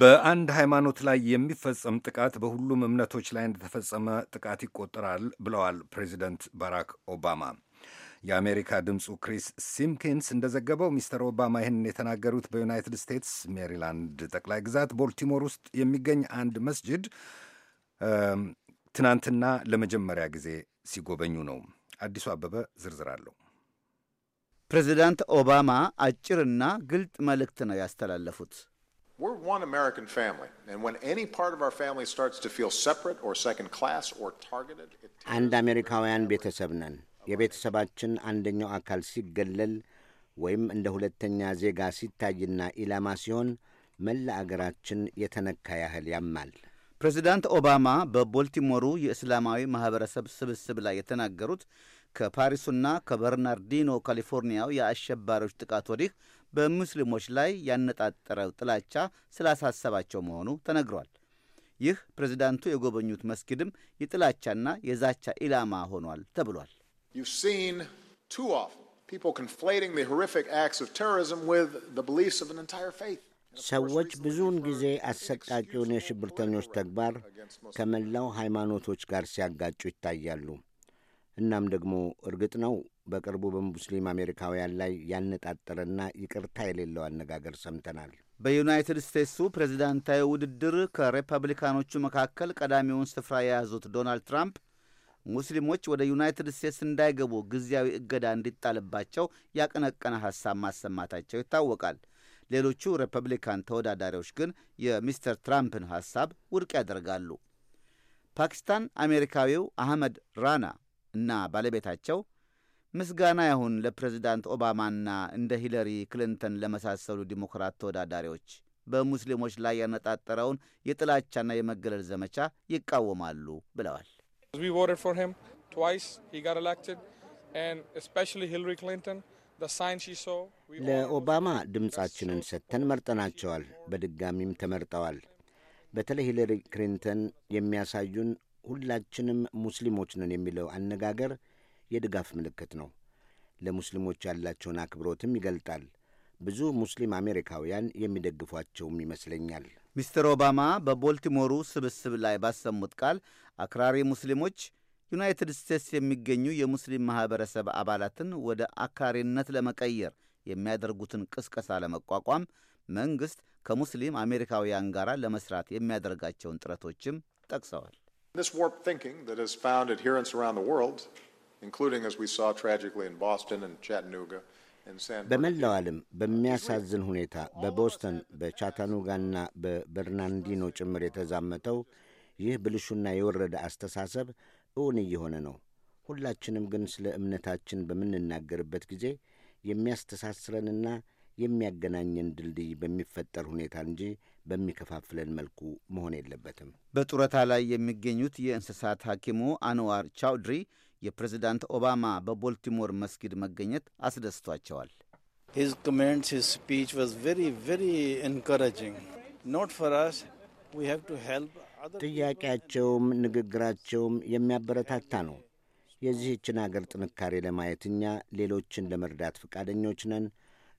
በአንድ ሃይማኖት ላይ የሚፈጸም ጥቃት በሁሉም እምነቶች ላይ እንደተፈጸመ ጥቃት ይቆጠራል ብለዋል ፕሬዚደንት ባራክ ኦባማ። የአሜሪካ ድምፁ ክሪስ ሲምኪንስ እንደዘገበው ሚስተር ኦባማ ይህንን የተናገሩት በዩናይትድ ስቴትስ ሜሪላንድ ጠቅላይ ግዛት ቦልቲሞር ውስጥ የሚገኝ አንድ መስጅድ ትናንትና ለመጀመሪያ ጊዜ ሲጎበኙ ነው። አዲሱ አበበ ዝርዝር አለው። ፕሬዚዳንት ኦባማ አጭርና ግልጥ መልእክት ነው ያስተላለፉት። We're one American family, and when any part of our family starts to feel separate or second class or targeted, አንድ አሜሪካውያን ቤተሰብ ነን። የቤተሰባችን አንደኛው አካል ሲገለል ወይም እንደ ሁለተኛ ዜጋ ሲታይና ኢላማ ሲሆን መላ አገራችን የተነካ ያህል ያማል። ፕሬዚዳንት ኦባማ በቦልቲሞሩ የእስላማዊ ማህበረሰብ ስብስብ ላይ የተናገሩት ከፓሪሱና ከበርናርዲኖ ካሊፎርኒያው የአሸባሪዎች ጥቃት ወዲህ በሙስሊሞች ላይ ያነጣጠረው ጥላቻ ስላሳሰባቸው መሆኑ ተነግሯል። ይህ ፕሬዚዳንቱ የጎበኙት መስጊድም የጥላቻና የዛቻ ኢላማ ሆኗል ተብሏል። ሰዎች ብዙውን ጊዜ አሰቃቂውን የሽብርተኞች ተግባር ከመላው ሃይማኖቶች ጋር ሲያጋጩ ይታያሉ። እናም ደግሞ እርግጥ ነው በቅርቡ በሙስሊም አሜሪካውያን ላይ ያነጣጠረና ይቅርታ የሌለው አነጋገር ሰምተናል። በዩናይትድ ስቴትሱ ፕሬዚዳንታዊ ውድድር ከሪፐብሊካኖቹ መካከል ቀዳሚውን ስፍራ የያዙት ዶናልድ ትራምፕ ሙስሊሞች ወደ ዩናይትድ ስቴትስ እንዳይገቡ ጊዜያዊ እገዳ እንዲጣልባቸው ያቀነቀነ ሐሳብ ማሰማታቸው ይታወቃል። ሌሎቹ ሪፐብሊካን ተወዳዳሪዎች ግን የሚስተር ትራምፕን ሐሳብ ውድቅ ያደርጋሉ። ፓኪስታን አሜሪካዊው አህመድ ራና እና ባለቤታቸው ምስጋና ይሁን ለፕሬዚዳንት ኦባማና እንደ ሂለሪ ክሊንተን ለመሳሰሉ ዲሞክራት ተወዳዳሪዎች በሙስሊሞች ላይ ያነጣጠረውን የጥላቻና የመገለል ዘመቻ ይቃወማሉ ብለዋል። ለኦባማ ድምፃችንን ሰጥተን መርጠናቸዋል። በድጋሚም ተመርጠዋል። በተለይ ሂለሪ ክሊንተን የሚያሳዩን ሁላችንም ሙስሊሞች ነን የሚለው አነጋገር የድጋፍ ምልክት ነው። ለሙስሊሞች ያላቸውን አክብሮትም ይገልጣል። ብዙ ሙስሊም አሜሪካውያን የሚደግፏቸውም ይመስለኛል። ሚስተር ኦባማ በቦልቲሞሩ ስብስብ ላይ ባሰሙት ቃል አክራሪ ሙስሊሞች ዩናይትድ ስቴትስ የሚገኙ የሙስሊም ማኅበረሰብ አባላትን ወደ አክራሪነት ለመቀየር የሚያደርጉትን ቅስቀሳ ለመቋቋም መንግስት ከሙስሊም አሜሪካውያን ጋር ለመስራት የሚያደርጋቸውን ጥረቶችም ጠቅሰዋል። በመላው ዓለም በሚያሳዝን ሁኔታ በቦስተን በቻታኑጋና በበርናንዲኖ ጭምር የተዛመተው ይህ ብልሹና የወረደ አስተሳሰብ እውን እየሆነ ነው። ሁላችንም ግን ስለ እምነታችን በምንናገርበት ጊዜ የሚያስተሳስረንና የሚያገናኘን ድልድይ በሚፈጠር ሁኔታ እንጂ በሚከፋፍለን መልኩ መሆን የለበትም። በጡረታ ላይ የሚገኙት የእንስሳት ሐኪሙ አንዋር ቻውድሪ የፕሬዚዳንት ኦባማ በቦልቲሞር መስጊድ መገኘት አስደስቷቸዋል። ጥያቄያቸውም ንግግራቸውም የሚያበረታታ ነው። የዚህችን አገር ጥንካሬ ለማየት እኛ ሌሎችን ለመርዳት ፈቃደኞች ነን፣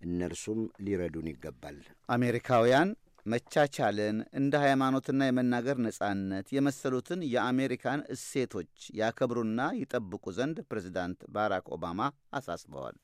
እነርሱም ሊረዱን ይገባል። አሜሪካውያን መቻቻልን እንደ ሃይማኖትና የመናገር ነጻነት የመሰሉትን የአሜሪካን እሴቶች ያከብሩና ይጠብቁ ዘንድ ፕሬዚዳንት ባራክ ኦባማ አሳስበዋል።